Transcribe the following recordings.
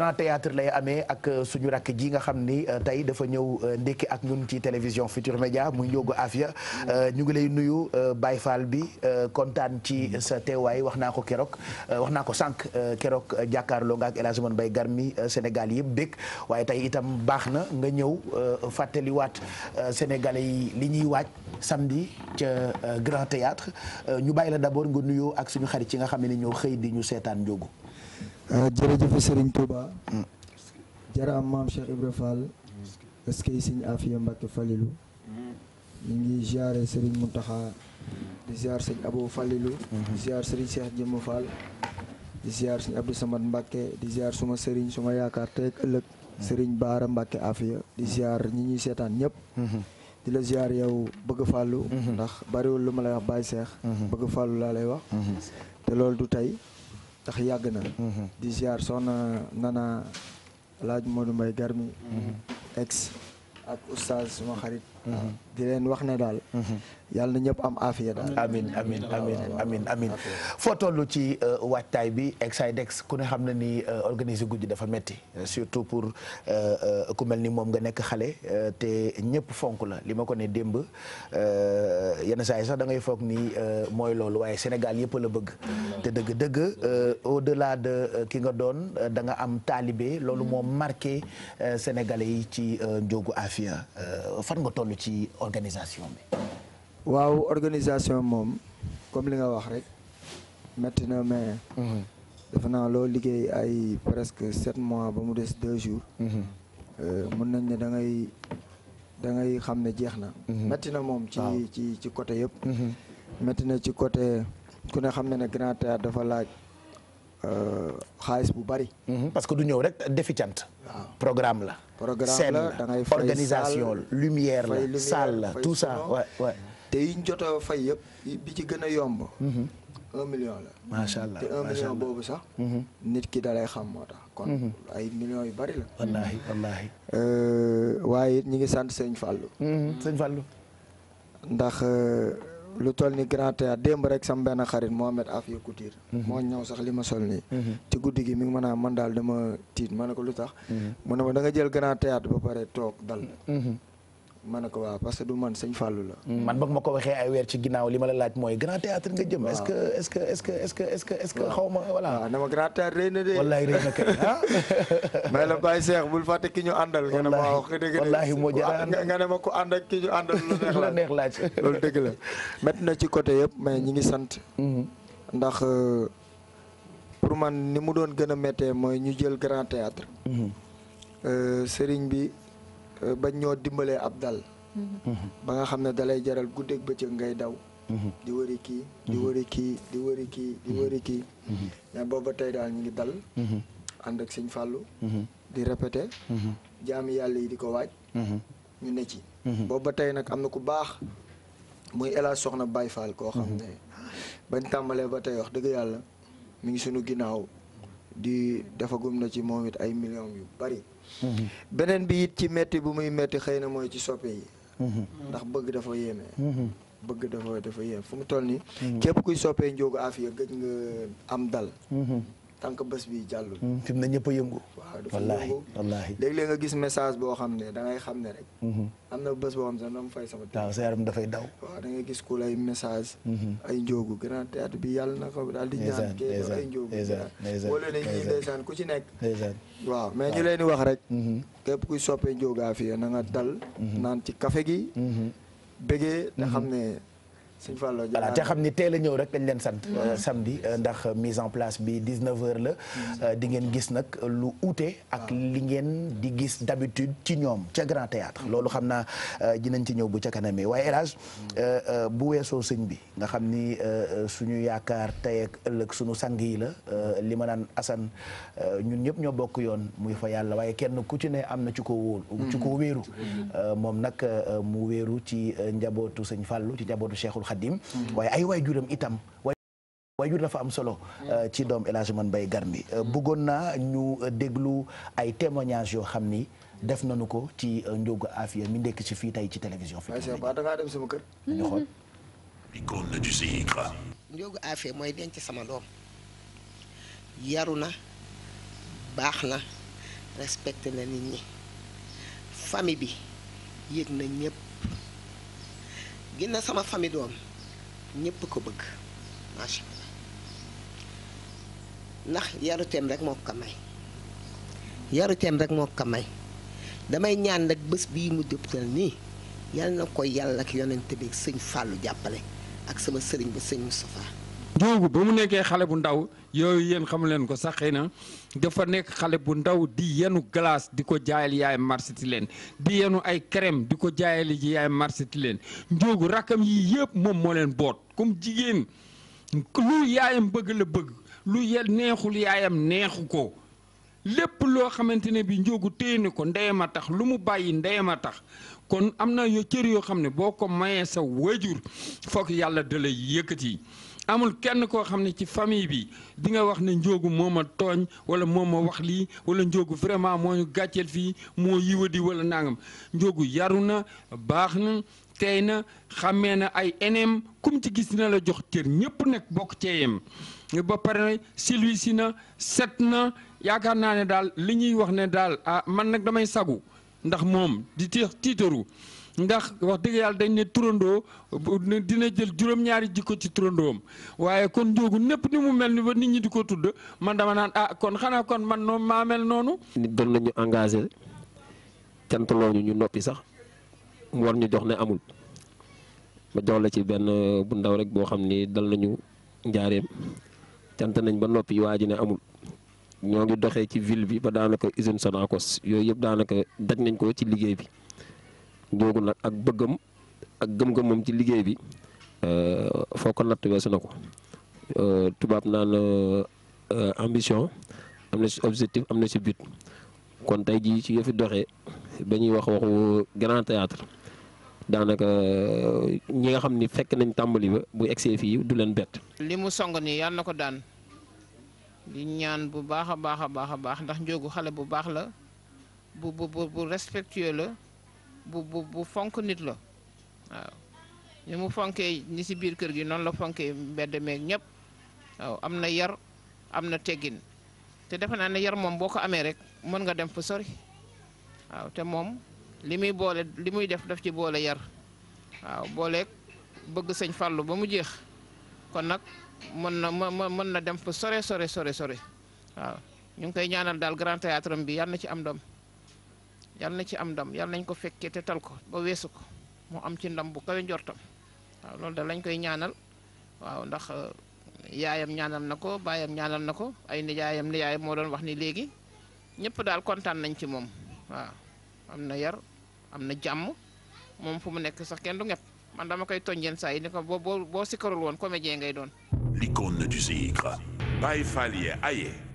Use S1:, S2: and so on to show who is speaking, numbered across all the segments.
S1: grand théâtre lay amee ak euh, suñu rakk ji nga xam ni euh, tey dafa ñëw euh, ndékki ak ñun ci télévision Futur Média muy Ndiogo Afia ñu ngi lay nuyu Baye Fall bi kontaan ci sa teewaay wax naa ko keroog wax naa ko sànq keroog jàkkaarloo nga ak El bay Mbaye Garmi Sénégal yëpp dégg waaye tey itam baax na nga ñëw fàttaliwaat Sénégalais yi li ñuy waaj samedi ca grand théâtre ñu bàyyi la d'abord
S2: nga nuyoo ak suñu
S1: xarit ci nga xam ne ñoo xëy di ñu seetaan Ndiogo
S2: Euh, jërëjëf Serigne Touba. Mm. jaraam maam Cheikh Ibra Fall. est-ce que Serigne Afia Mbacke Falilu. Mm. ñu ngi ziare Serigne Mountakha. di ziar Serigne Abou Falilu. di mm-hmm. ziar Serigne Cheikh Jëmm Fall. di ziar Serigne Abdou Samad Mbacke di ziar suma Serigne suma yaakaar teeg ëllëg. Mm. Serigne Baara Mbacke Afia di ziar ñi ñuy seetaan ñëpp. Mm-hmm. di la ziar bëgg fàllu mm-hmm. ndax bariwul lu ma lay wax Baye Cheikh. bëgg fàllu laa lay wax. te loolu du tey. tax yàgg na mm-hmm. di ziar soxna nana laaj Modou Mbaye Garmi mm-hmm. ex ak oustaz suma xarit di leen wax ne daal. yàlla na ñëpp am aafiya daal. amiin amiin amiin amiin
S1: amiin foo toll ci euh, waajtaay bi Exidex ku ne xam na ni euh, organiser guddi dafa metti surtout pour euh, ku mel ni moom nga nekk xale te ñëpp fonk la li ma ko ne démb yenn saa sax da ngay foog ni mooy loolu waaye Sénégal yëpp la bëgg. te dëgg dëgg de la de ki nga doon danga am taalibe loolu moom marqué sénégalais yi ci njóogu aafiya fan nga toll. toll ci organisation bi.
S2: waaw organisation moom comme li nga wax rek métti na mais. Mhm. defe naa loo liggéey ay presque set mois ba mu des deux jours. mën mhm. euh, nañ ne da ngay xam ne jeex na. métti mhm. na moom ci ci ci côté yëpp. métti na ci côté ku ne xam ne ne Grand Théâtre dafa laaj. Euh, xaalis bu bari. Mhm. parce que du ñëw rek defi cant. programme la. programme la da ngay fay organisation lumière la salle la tout ça waay waay. te yiñ jot fay yëpp bi ci gën a yomb. Mhm. un million la. macha allah te un million boobu sax. Mhm. nit ki dalay xam moo tax. kon ay millions yu bari la. wallaahi wallaahi. Euh, waaye it ñu ngi sant sëñ Fallou. sëñ Fallou. ndax. Euh, lu toll ni grand théâtre démb rek sam benn xarit Mohamed Afia Couture. Mhm. moo ñëw sax li ma sol nii. Mhm. ci guddi gi mi ngi mën a man daal dama tiit ma ne ko lu tax. Mhm. mu ne ma da nga jël grand théâtre ba pare toog dal. ma ne ko waaw parce que du man sëñ Fallou la. Mm. man ba ma ko waxee ay weer ci ginnaaw li ma la laaj mooy grand théâtre nga jëm. est-ce que
S1: est-ce que est-ce que est-ce que est-ce que xaw ma voilà.
S2: waaw dama grand théâtre rëy na de. wallaahi rëy na kay ah. may la Baye Cheikh bul fàtte ki ñu àndal. nga ne ma wax dëgg wallaahi moo jaar nga ne ma ku ànd ak ki ñu àndal. lu la neex laaj loolu dëgg la. métti na ci côté yëpp mais ñi ngi sant. Mm-hmm. ndax euh, pour man ni mu doon gën a méttee mooy ñu jël grand théâtre. Mm-hmm. Euh, sëriñ bi Euh, bañ ñoo dimbalee ab dal mm-hmm. ba nga xam ne dalay jaral guddeeg bëccëg ngay daw mm-hmm. di mm-hmm. wëri kii di wëri kii di wëri kii di wëri kii mais booba tey daal ñu ngi dal ànd ak sëñ Fallou di répété jaami yàlla yi di ko waaj ñu ne ci booba tey nag am na ku baax muy El Hadj Soxna Baye Fall koo xam ne bañ tàmbalee ba tey wax dëgg yàlla mu ngi sunu ginnaaw di defagum na ci moom it ay millions yu bari. Mhm. beneen bi it ci métti bu muy métti xëy na mooy ci soppe yi. Mhm. ndax bëgg dafa yéeme. Mhm. bëgg dafa dafa yéeme fu mu toll nii. képp kuy soppee njóogu Afia gëj nga am dal. tant que bés bi jàllul.
S1: Hmm, fi mu ne ñëpp a yëngu.
S2: waaw dafa yëngu wallaahi léeg-léeg nga gis message boo xam ne da ngay xam ne rek. Hmm. am na bés boo xam ne dama fay sama. waaw sa yaram dafay daw. waaw da gis ku lay message. Hmm. ay njóogu grand théâtre bi yàlla na ko daal di. ñaan kii ay njóogu. ndeysaan ndeysaan wala ñii ndeysaan ku ci nekk. waaw mais ñu leen di wax rek. képp kuy soppee njóogaa fii na dal. naan ci café gi. bëggee te xam ne. voilà te xam ni teel a ñëw rek dañ leen sant euh, mm-hmm.
S1: samedi euh, ndax mise en place bi 19h la mm-hmm. euh, di ngeen gis nag lu uute ak li ngeen di gis d'habitude ci ñoom ca grand mm-hmm. loolu xam naa dinañ ci ñëw bu ca kanamee waaye élage bu weesoo sëñ bi nga xam ni suñu yaakaar tey ëllëg suñu sang yi la li ma naan Assane ñun ñëpp ñoo bokk yoon muy fa yàlla waaye kenn ku ne am na ci ko wóolu moom nag mu weeru ci njabootu sëñ Fallou ci njabootu Cheikhul Xadim waaye ay waajuram itam waajur dafa am solo euh, ci doom El man bay Garmi euh, bëggoon naa ñu euh, déglu ay témoignages yoo xam ni def nañu ko ci Ndiogu Afia mi nekk ci fii tey ci télévision.
S2: fii ci ba da ngaa dem sama kër. ñu xool. icône du mooy denc sama doom yaru na baax na respecté na nit ñi famille bi yëg na ñëpp. ginna sama famille doom ñëpp ko bëgg ndax yaruteem rek moo ko may yaruteem rek moo ko may damay ñaan nag bés bii mu dëppal nii yal na ko yàlla ak yonent bi sëñ Fallou jàppale ak sama sëriñ ba sëñ Moustapha.
S3: Njóogu ba mu nekkee xale bu ndaw. yooyu yéen xamu leen ko sax xëy na dafa nekk xale bu ndaw di yenu glace di ko jaayal yaay marsiti leen di yenu ay crème di ko jaayal ji yaay marsiti leen njoogu rakkam yi yëpp moom moo leen boot comme jigéen lu yaayam bëgg la bëgg lu ye neexul yaayam neexu ko lépp loo xamante ne bi njoogu téye na ko ndeyam a tax lu mu bàyyi ndeyam a tax kon am na yo cër yoo xam ne boo ko mayee sa wajur foog yàlla da lay yi amul kenn koo xam ne ci famille bi di nga wax ne njóogu moom a tooñ wala moo ma wax lii wala njóogu vraiment moo ñu gàcceel fii moo yiwadi wala nangam njóogu yaru na baax na tey na xàmmee na ay eneem kum ci gis dina la jox cër ñëpp nekk bokk ceeyam ba pare silwi si na set na yaakaar naa ne daal li ñuy wax ne daal ah man nag damay sagu ndax moom di tiitaru ndax wax dëgg yàlla dañ ne turandoo dina jël juróom-ñaari jikko ci turandoom waaye kon njóogu népp ni mu mel ni ba nit ñi di ko tudd man dama naan ah kon xanaa kon man noonu maa mel noonu.
S4: nit doon nañu engagé cantaloo ñu ñu noppi sax mu war ñu jox ne amul ma jox la ci benn euh, bu ndaw rek boo xam ni dal nañu njaareem cant nañ ba noppi waa ji ne amul. ñoo ngi doxee ci ville bi ba daanaka usine Sonacos yooyu yëpp daanaka daj nañ ko ci liggéey bi. googu nag ak bëggam ak gëm-gëmam ci liggéey bi euh, foo ko natt weesu na ko euh, tubaab naan euh, ambition am na si objectif am na si but kon tey jii ci yëfi doxe ba ñuy wax waxu grand théâtre daanaka ñi nga xam ni fekk nañ tàmbali ba bu egsee fii du leen bett.
S5: li mu song ni yàlla na ko daan ñaan bu baax a baax a baax a baax ndax njóogu xale bu baax la bu bu bu respectueux la. bu bu bu fonk nit la waaw ni mu fonkee ni ci biir kër gi noonu la fonkee mbedd meeg ñëpp waaw am na yar am na teggin te defe naa ne yar moom boo ko amee rek mën nga dem fa sori waaw te moom li muy boole li muy def daf ci boole yar waaw bëgg sëñ Fallou ba mu jeex kon nag mën na mën na dem fa sore sore sore sore waaw ñu ngi koy ñaanal daal grand théâtre bi yàlla na ci am doom yàlla na ci am ndam yàlla nañ ko fekkee te tal ko ba weesu ko mu am ci ndam bu kawe njortam waaw loolu da lañ koy ñaanal waaw ndax uh, yaayam ñaanal na ko baayam ñaanal na ko ay nijaayam nijaayam moo doon wax ni léegi ñëpp daal kontaan nañ ci moom waaw am na yar am na jàmm moom fu mu nekk sax kenn du ñëpp man dama koy toñjeen saa yi ni ko boo boo boo sikkarul woon comédien ngay doon.
S6: l'icône du Zikr. Baye Fall aye.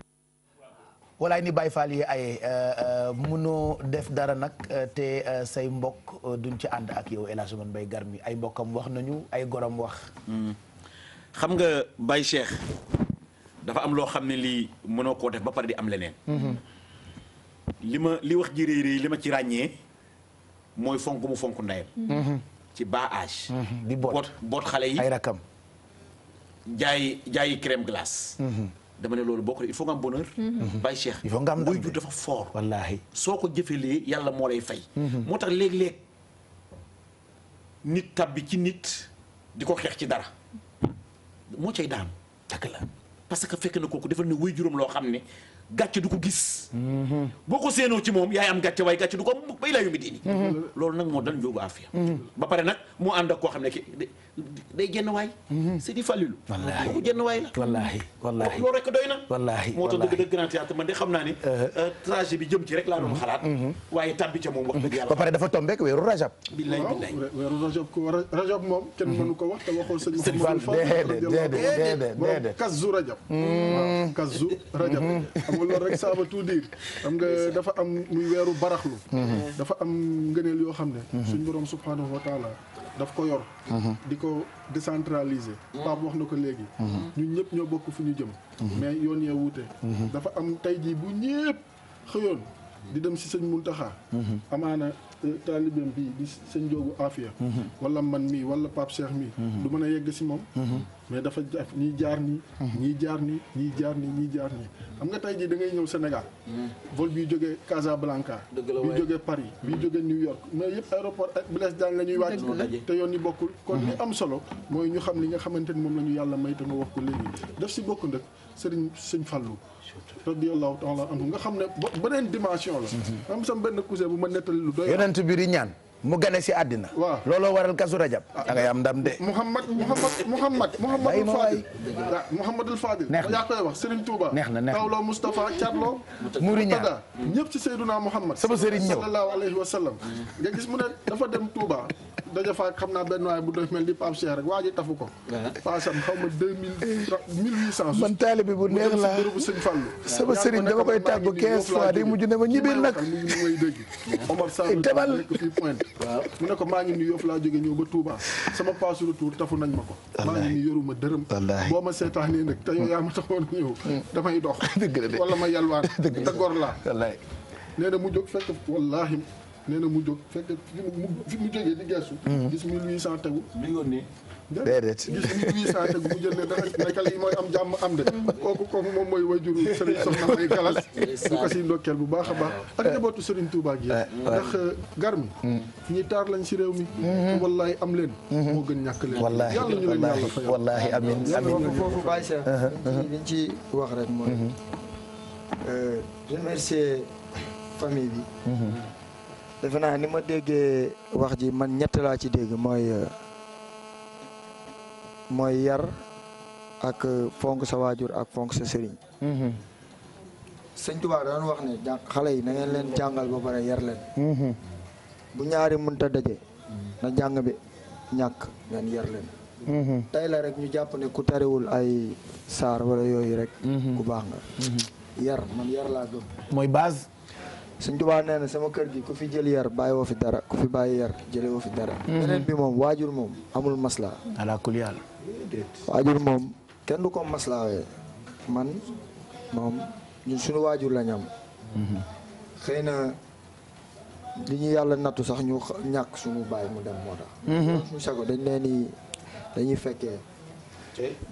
S1: walaay ni Baye Fall yi ay eh, eh, munoo def dara nag eh, te say mbokk duñ ci ànd ak yow El Hadj Ousmane Mbaye Garmi ay mbokkam wax nañu ay gorom wax. Hmm. xam nga Baye Cheikh dafa am loo xam ne lii mënoo koo def ba pare di am leneen. Hmm. li ma li wax ji réy réy li ma ci ràññee mooy fonk mu fonk ndayam hmm. ci bas âge. di boot boot xale yi ay rakam. jaay jaayi crème glace. dama ne loolu boo ko il faut nga am bonheur. Mhm. Baye Cheikh. il faut nga am ndam waajur dafa fort. wallaahi soo ko jëfelee yàlla moo lay fay. Mhm. moo tax léeg-léeg nit tab bi ci nit di ko xeex ci dara moo cay daanu. dëgg parce que fekk na kooku defal ne waajuram loo xam ne gàcce du ko gis. Mhm. boo ko séenoo ci moom yaay am gàcce waaye gàcce du ko bay laa yu mi diini. loolu nag moo dal njóobu afiya ba pare nag moo ànd ak koo xam ne ki day génn waay. Mhm. Sidi Fallilu. wallaahi kooku génn waay la. wallaahi wallaahi loolu rek doy na. wallaahi moo tax dëgg dëgg Grand Théâtre man de xam naa ne. Euh. Euh, trajet bi jëm ci rek laa doon mhm. xalaat. Mhm. waaye tabbi ca moom wax dëgg yàlla. ba pare dafa tombé weeru rajab. billaay billaay
S6: weeru rajab ko rajab moom. kenn mënu ko wax te waxoon sëñ Mouhamadou Fall. déedéet déedéet déedéet borom kazu rajab. waaw kazu rajab. xam nga loolu rek ça veut tout dire. xam nga dafa am muy weeru baraxlu. dafa am ngëneel yoo xam ne. suñu borom subhaanahu wa taala daf ko yor. Mhm. di ko décentraliser. Mhm. Pape wax na ko léegi. Mhm. ñu ñëpp ñoo bokk fu ñu jëm. mais yoon yee wuute. dafa am tey jii bu ñëpp xëyoon di dem si sëñ Muntaxa. amaana euh, taalibeem bi di sëñ Joogu Afia. wala man mii wala Pape Cheikh mii. du mën a yegg si moom. mais dafa jaaf ñii jaar nii. ñii jaar nii ñii jaar ni ñii jaar nii. xam nga tey jii da ngay ñëw Sénégal. Hmm. vol bi jógee Casablanca. dëgg la bi jógee Paris bi hmm. jógee New York. mais yëpp aéroport ak Blaise Diagne la ñuy wàcc. te yoon yi bokkul. kon li hmm. am mooy ñu xam li nga xamante ni moom la ñu yàlla may te nga wax ko léegi def si bokk nag Serigne Sëñ Fallou. radiyallahu taala anhu nga xam ne beneen
S1: dimension la. am sam benn cousin bu ma nettali lu doy. yonent bi di ñaan. mu gane si àddina looloo waral kasu rajab ah, da ngay am ndam de Muhammad
S6: Muhammad ah, Muhammadul Fadil Muhammadul Fadil yaa koy wax Serigne Touba neex na neex Tawlo Moustapha Carlo Mourina ñëpp ci Seydouna Muhammad sama sëriñ ñëw sallallahu alayhi wa sallam nga gis mu ne dafa dem Touba daja fa xam naa benn waay bu def mel ni Pape Cheikh rek waa tafu ko. faasam ah. xaw ma deux mille mille huit cent. man taalibe bu neex laa sama sëriñ dama koy tàggu quinze fois day mujj ne ma ñibbil nag. Omar Sall eh, nekk fii point. mu ne ko maa ngi nuyu Yoff laa jóge ñëw ba Touba sama paasu retour tafu nañ ma ko. maa ngi nuyu yoruma dërëm. boo ma seetaanee nag te yow yaa ma taxoon ñëw. Hmm. damay dox. wala ma yalwaan te gor laa. nee na mu jóg fekk wallaahi nee na mu jóg fekk fi mu jógee di gestu. Mm-hmm. gis 1800 tegu. mi ngi woon nii. déedéet gis 1800 tegu mu jël ne dafa nekkal yi mooy am jàmm am de. Mm-hmm. kooku kooku moom mooy wajuru Serigne Soxna May Galas. bu ko siy ndokkeel bu baax a baax. ak njabootu Serigne Touba gi. Eh, ndax eh, gar mi. Mm-hmm. ñi taar lañ si réew mi.
S2: wallahi am leen. moo gën ñàkk leen. wallaahi yàlla ñu leen yàlla fayal wallaahi amiin amiin foofu Baye Cheikh. Uh-huh, uh-huh. liñ ci wax rek mooy. Euh, remercier famille bi. defe naa ni ma déggee wax ji man ñett laa ci dégg mooy euh, mooy yar ak euh, fonk sa waajur ak fonk sa sëriñ mm-hmm. sëñ Tuubaa daan wax ne xale yi na ngeen leen jàngal ba pare yar mm-hmm. bu ñaari mënta daje na bi ñàkk ngeen yar leen mm-hmm. tey rek ñu jàpp ne ku tariwul ay saar wala yooyu rek ku baax nga yar man yar laa gëm mooy base suñ tubaa nee na sama kër gi ku fi jël yar bàyyi woo fi dara ku fi bàyyi yar jële woo fi dara mhm. beneen bi moom waajur moom amul masla ala kul yàlla waajur moom kenn du ko maslaawee man moom ñun suñu waajur la mhm. xëy na li ñu yàlla nattu sax ñu ñàkk suñu bàyyi mu dem moo tax mhm. suñu sago dañ leen ni dañuy fekkee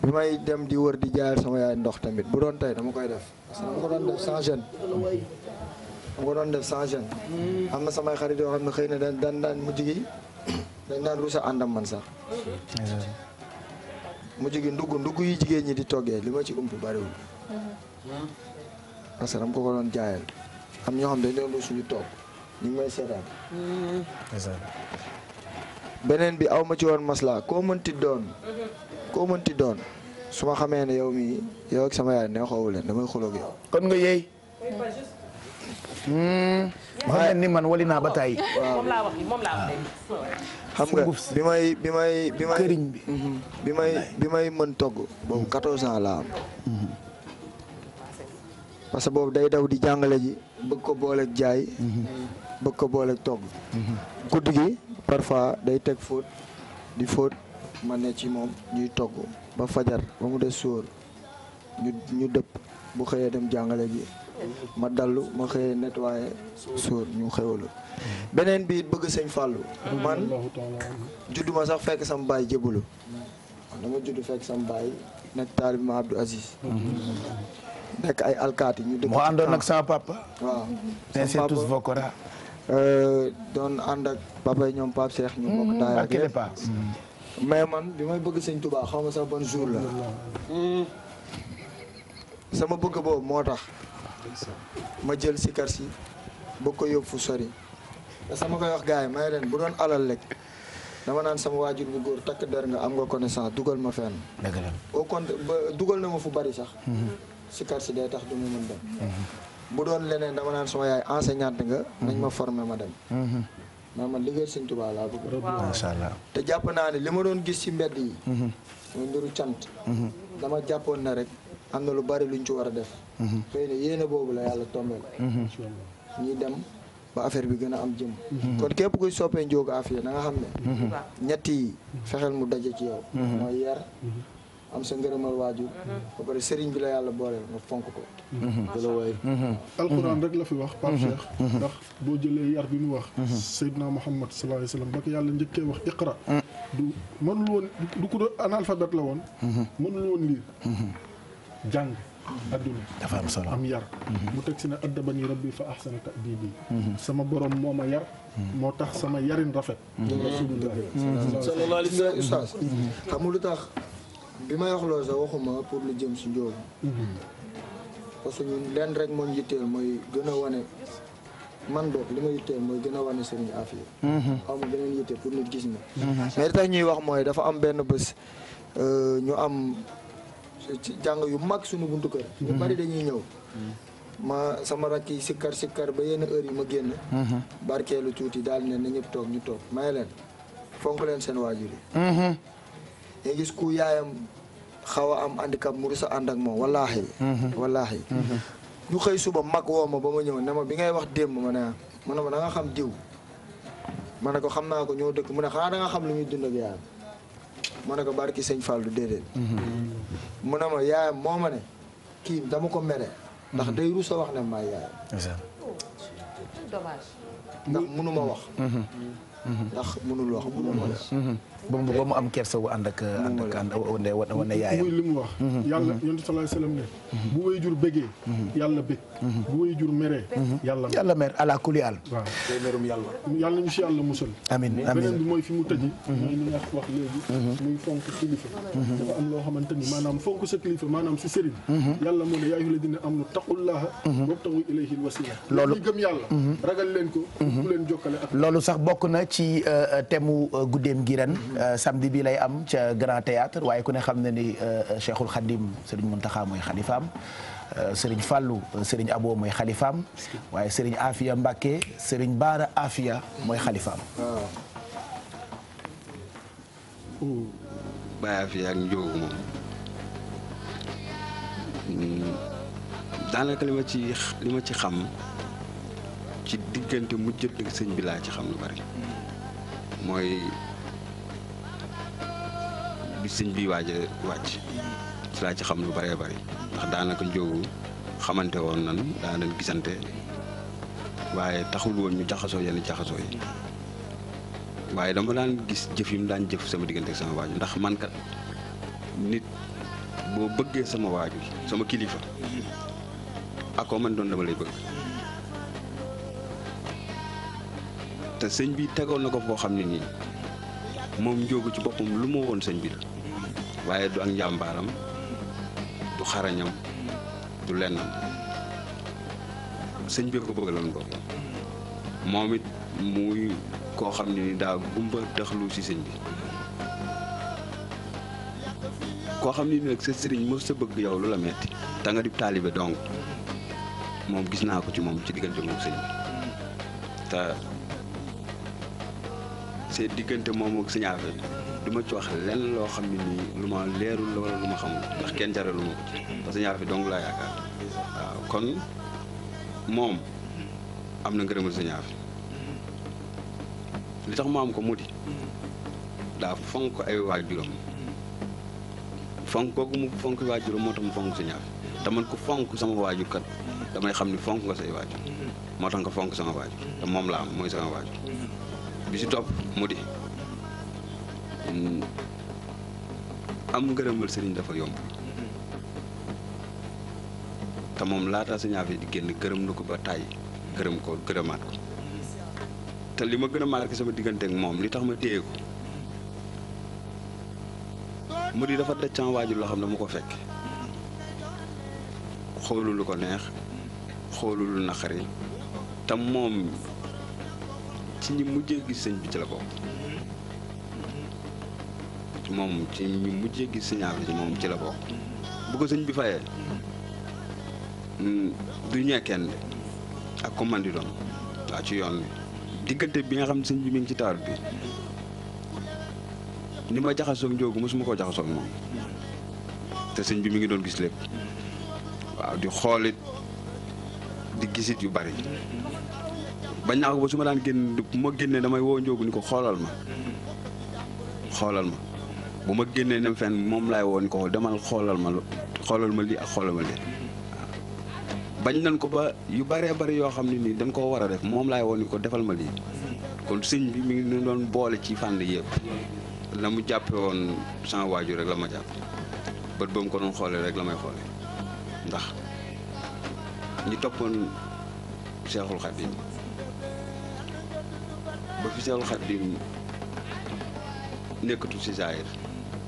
S2: bi may dem di wër di jaayal sama yaay ndox tamit bu doon tey dama koy def parce ko doon def sans gêne mu ko doon def sans gêne am na samay xarit yoo xam ne xëy na daan daan daan mujj gi dañ daan rusa àndam man sax mujj gi ndugg ndugg yi jigéen ñi di toggee li ma ci ump bariwul parce dam dama ko ko doon jaayal am ñoo xam dañ doon ruus suñu toog ñu may seetaan beneen bi aw ma ci woon maslaa koo mënti doon koo mënti doon su ma xamee ne yow mii yow ak sama yaay ne leen damay xuloog yow kon nga yeey waaye hmm. ni ba taay. moom ah. xam nga bi may bi may bi may mhm. may mën togg. boobu 14 ans laa am. Mhm. parce que boobu day daw di jàngale ji bëgg ko booleeg jaay. Mhm. bëgg ko booleeg togg. guddi gi parfois day teg fóot di fóot ma ci moom ñuy togg ba fajar ba mu des sóor ñu ñu dëpp bu xëyee dem jàngale ji. ma dallu ma xëyee nettoyé suur ñu xewalu beneen bi bëgg sëñ Fallou man judduma sax fekk sama baay jébbalu dama judd fekk sama baay nekk taalib ma Abdou Aziz nekk ay alkaati ñu dëkk moo àndoon ak sama papa waaw c'est tous vokora euh, ànd ak papa ñoom Pape Cheikh ñu bokk mm-hmm. daay mm-hmm. mais man bi may bëgg sëñ Touba xaw ma sax ban jour la mm-hmm. sama bëgg boobu moo tax ma jël sikar si ba ko yóbbu fu sori te sama koy wax gars yi may leen bu doon alal rek dama naan sama waajur bu góor takk der nga am nga connaissance dugal ma fenn. dëgg la au compte ba na ma fu bari sax. Mhm. sikar si day tax du ma mën dem. Mhm. bu doon leneen dama naan sama yaay enseignante nga. nañ ma former ma dem. Mhm. man man liggéey Sëñ Tuubaa laa bëgg. macha allah te jàpp naa ne li ma doon gis ci mbedd yi. mooy mbiru cant. dama jàppoon na rek. am na lu bari luñ ci war a def. Mhm. xëy na yéene boobu la yàlla tombé. Mhm. ñuy dem ba affaire bi gën a am jëm. Mhm. kon képp kuy soppee njóogu affaire na nga xam ne. ñett fexeel mu daje ci yow. mooy yar. am sa ngërëmal waajur. ba pare sëriñ bi la yàlla booleel nga fonk ko. dala waay. alxuraan rek la fi wax Pape Cheikh. ndax
S6: boo jëlee yar bi mu wax. Seydina Muhammad sallallahu alayhi wa sallam ba ko yàlla njëkkee wax iqra. Mm. du mënul woon du ko analphabète la woon. mënul woon lire. jàng adduna dafa am solo am yar mm-hmm. mu teg si ne addabani rabbi fa ahsana ta'dibi mm-hmm. sama borom moo a yar mm-hmm. moo tax sama yarin rafet rasulullah sallallahu alayhi wa sallam
S2: xam nga lu tax bi may wax loolu sax waxuma pour lu jëm si njóobu parce que lenn rek moo yitteel mooy gën a wane man boog li ma yitteel mooy gën a wane sëriñ Afia aw ma beneen yitte pour nit gis na mais li tax ñuy wax mooy dafa am benn bés euh, ñu am ci jàng yu mag suñu buntu kër. ñu mhm. bari dañuy ñëw. ma sama rakk yi sikkar sikkar ba yenn heure yi ma génn. Mhm. barkeelu tuuti daal ne na ñëpp toog ñu toog may leen fonk leen seen waajur yi. ñu mhm. gis ku yaayam xaw am handicap mu rus a ànd ak moom wallaahi. wallaahi. ñu xëy suba mag woo ma ba ma ñëw ne ma bi ngay wax démb ma ne ma ne ma da nga xam diw ma ne ko xam naa ko ñoo dëkk mu ne xanaa da xam lu ñuy dund ak yaayam. ma ne ko barki sëñ Fallou déedéet. mu ne ma yaayam moo ma ne kii dama ko mere. ndax day rus wax ne maa yaayam. ndax mënu wax. Mm-hmm. Mm-hmm. ndax mënul wax mënul wax.
S1: Mm-hmm. ba mu ba mu am kersa wu ànd ak ànd ak ànd wane wane yaayam muy li mu wax mhm. Mhm. yàlla
S6: yonent sallallahu alayhi wasallam ne bu way jur bëggee mhm. yàlla bëgg bu way jur meree yàlla yàlla mer ala kulli àll waaw day merum yàlla yàlla ñu si yàlla musal amin amin beneen bi mooy fi mu tëji mooy li nga wax léegi muy fonk kilifa dafa am loo xamante ni maanaam fonk sa kilifa maanaam si sëriñ yàlla moo ne yaa ayyuhal ladina amanu taqullaha wabtagu ilayhi alwasila loolu gëm yàlla ragal leen ko bu leen jokkale ak
S1: loolu sax bokk na ci euh, euh, thème mu euh, guddeem gi ren Euh, samedi bi lay am ca Grand Théâtre waaye ku ne xam ne ni euh, euh, Cheikhul Khadim Serigne Mountakha mooy xalifaam Serigne Fallou Serigne Abo mooy xalifaam waaye Serigne Afia Mbacké Serigne Baara Afia mooy xalifaam.
S4: Baye Afia ak Ndiogu moom hmm, daanaka li ci li ci xam ci diggante mujjat ak sëñ bi ci xam lu
S2: bari
S4: bi sëñ bi waaj wàcc ci laa ci xam lu bëree bëri ndax daanaka njóogu xamante woon nan daa nañ gisante waaye taxul woon ñu jaxasoo yenn jaxasoo yi waaye dama daan gis jëf yi daan jëf sama diggante ak sama waaju ndax man kat nit boo bëggee sama waaju sama kilifa akoo man doon dama lay bëgg te sëñ bi tegoon na ko foo xam ne nii moom njóogu ci boppam lu ma woon sëñ bi la waaye du ak njàmbaaram du xarañam du lennam sëñ bi ko bëggaloon bokk moom it muy koo xam ne ni daa gumba taxlu ci sëñ bi koo xam ne ni nag sa sëriñ moo sa bëgg yow lu la metti te nga di taalibe donc moom gis naa ko ci moom ci diggante moom sëñ bi te seen diggante moom ak sëñ du ma ci wax lenn loo xam ne nii lu ma leerul la wala lu ma xamul ndax kenn jaralu ma ko parce que ñaar fi dong laa yaakaar waaw kon moom am na ngërëmal sa ñaar li tax mu am ko mu di daa fonk ay waajuram fonk kooku mu fonk waajuram moo tax mu fonk sa ñaar te man ku fonk sama waajur kat damay xam ni fonk nga say waajur moo tax nga fonk sama waajur te moom la am mooy sama waajur bi si topp mu di am ngërëmal sëriñ dafa yomb te moom laata sëñ Afia di génn gërëm na ko ba tàyyi gërëm ko gërëmaat ko te li ma gën a marqué sama diggante ak moom li tax ma téye ko mu di dafa daj sama waajur loo xam ne mu ko fekk xoolu lu ko neex xoolu lu naqari te moom ci ñi mujjee gis sëñ bi ci la bokk moom ci ñu mujjee gis signal ci moom ci la bokk bu ko sëñ bi fayee mm, du ñekkeen de ak commande waa ci yoon bi diggante bi nga xam ne sëñ bi mi ngi ci taal bi ni ma jaxasoo ak Njoogu koo jaxasoo te sëñ bi mi ngi doon gis lépp waaw di xoolit di gisit yu bari bañ naa ba su ma daan génn moo ma génnee damay woo Njoogu ni ko xoolal ma xoolal ma bu ma génnee dem fen moom laay woon ko demal xoolal ma xoolal ma lii ak xoolal ma lii bañ nañ ko ba yu bëree bëri yoo xam ne nii dañ koo war a def moom laay woon ko defal ma lii kon sëñ bi mu ngi doon boole ci fànn yëpp la mu jàppe woon sama waajur rek la ma jàpp bët ba mu ko doon xoolee rek la may xoolee ndax ñi toppoon Seexul Xadim ba fi Seexul Xadim nekkatu si zaahir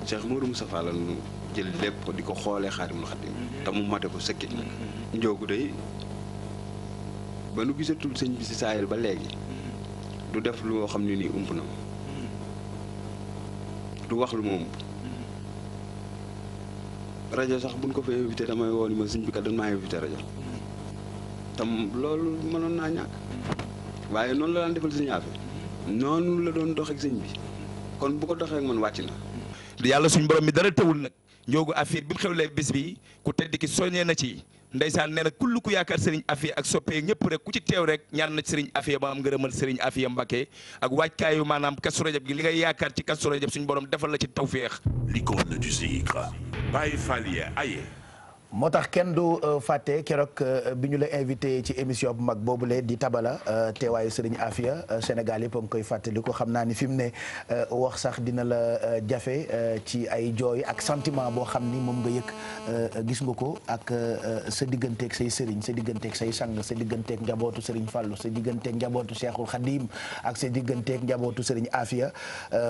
S4: Cheikh Modou Moustapha la ñu jël lépp di ko xoolee Xaadimul Xaadim te mu mate ko sëkkit nag njoogu day ba nu gisatul sëñ bi si saayal ba léegi du def loo xam ne nii ump na du wax lu ma ump rajo sax buñ ko fa invité damay woo ni ma sëñ bi kat dañ maa invité rajo tam loolu mënoon naa ñàkk waaye noonu la daan defal sëñ Afe noonu la doon dox sëñ bi kon bu ko doxee ak man wàcc na yàlla suñu borom mi dara tëwul nag njoogu affaire bi mu xewlee bés bi ku tedd ki soññee na ci ndeysaan nee na kull ku yaakaar Serigne Afia ak soppee ñëpp rek ku ci teew rek ñaan na Serigne Afia ba am ngërëmal Serigne Afia Mbacké ak waajkaayu maanaam Kazu Rajab gi li ngay yaakaar ci Kazu Rajab suñu borom defal la ci tawféex l'icône du zikr Baye aye
S1: moo tax kenn du euh, fàtte keroog euh, bi ñu la invité ci émission bu mag boobu boobule di tabala euh, teewaayu Serigne Afia Sénégal yëpp a ngi koy fàttali xam naa ni fi mu ne wax sax dina la jafe ci ay jooy ak sentiment boo xam ni moom nga yëg gis nga ko ak sa digganteek say Serigne sa digganteeg say sang sa digganteeg njabootu Serigne Fallou sa digganteeg njabootu Cheikhul Khadim ak sa digganteeg njabootu Serigne Afia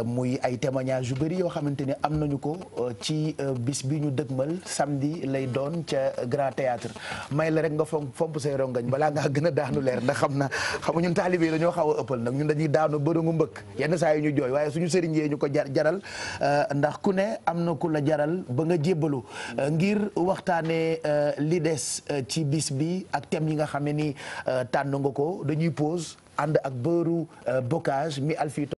S1: muy ay témoignages yu bëri yoo xamante ni am nañu ko ci bis bi ñu dëgmal samedi lay doon. woon ca Grand Théâtre may la rek nga fomp fomp say rongañ balaa ngaa gën a daanu leer ndax xam na xam ñun taalibe yi dañoo xaw a ëppal nag ñun dañuy daanu bërëngu mbëkk yenn saa yi ñu jooy waaye suñu sëriñ yee ñu ko jaral euh, ndax ku ne am na ku la jaral ba nga jébbalu euh, ngir waxtaanee euh, li des ci bis bi ak thème yi nga xam ni tànn nga ko dañuy pause ànd ak beuru bocage mi alfito